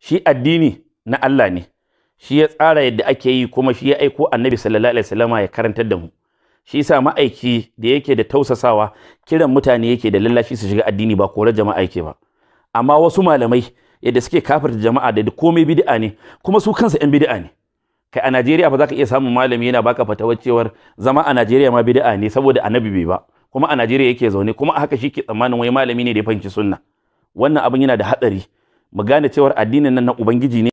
shi addini na Allah ne shi ya tsara yadda ake yi kuma shi ya aiko annabi sallallahu alaihi wasallama ya karantar da mu shi yasa ma'aiki da yake da tausasawa kiran mutane yake da lallashi su shiga addini ba korar jama'a yake ba amma wasu malamai yadda suke kafirta jama'a da komai bid'a ne kuma su kansa yan bid'a ne kai a Najeriya ba za ka iya samun malami yana baka fatawar cewar zama a Najeriya ma bid'a ne saboda annabi bai ba kuma a Najeriya yake zaune kuma a haka shi ke tsammanin wai malami ne da ya fahimci sunna wannan abin yana da hatsari mu gane cewar addinin nan na ubangiji ne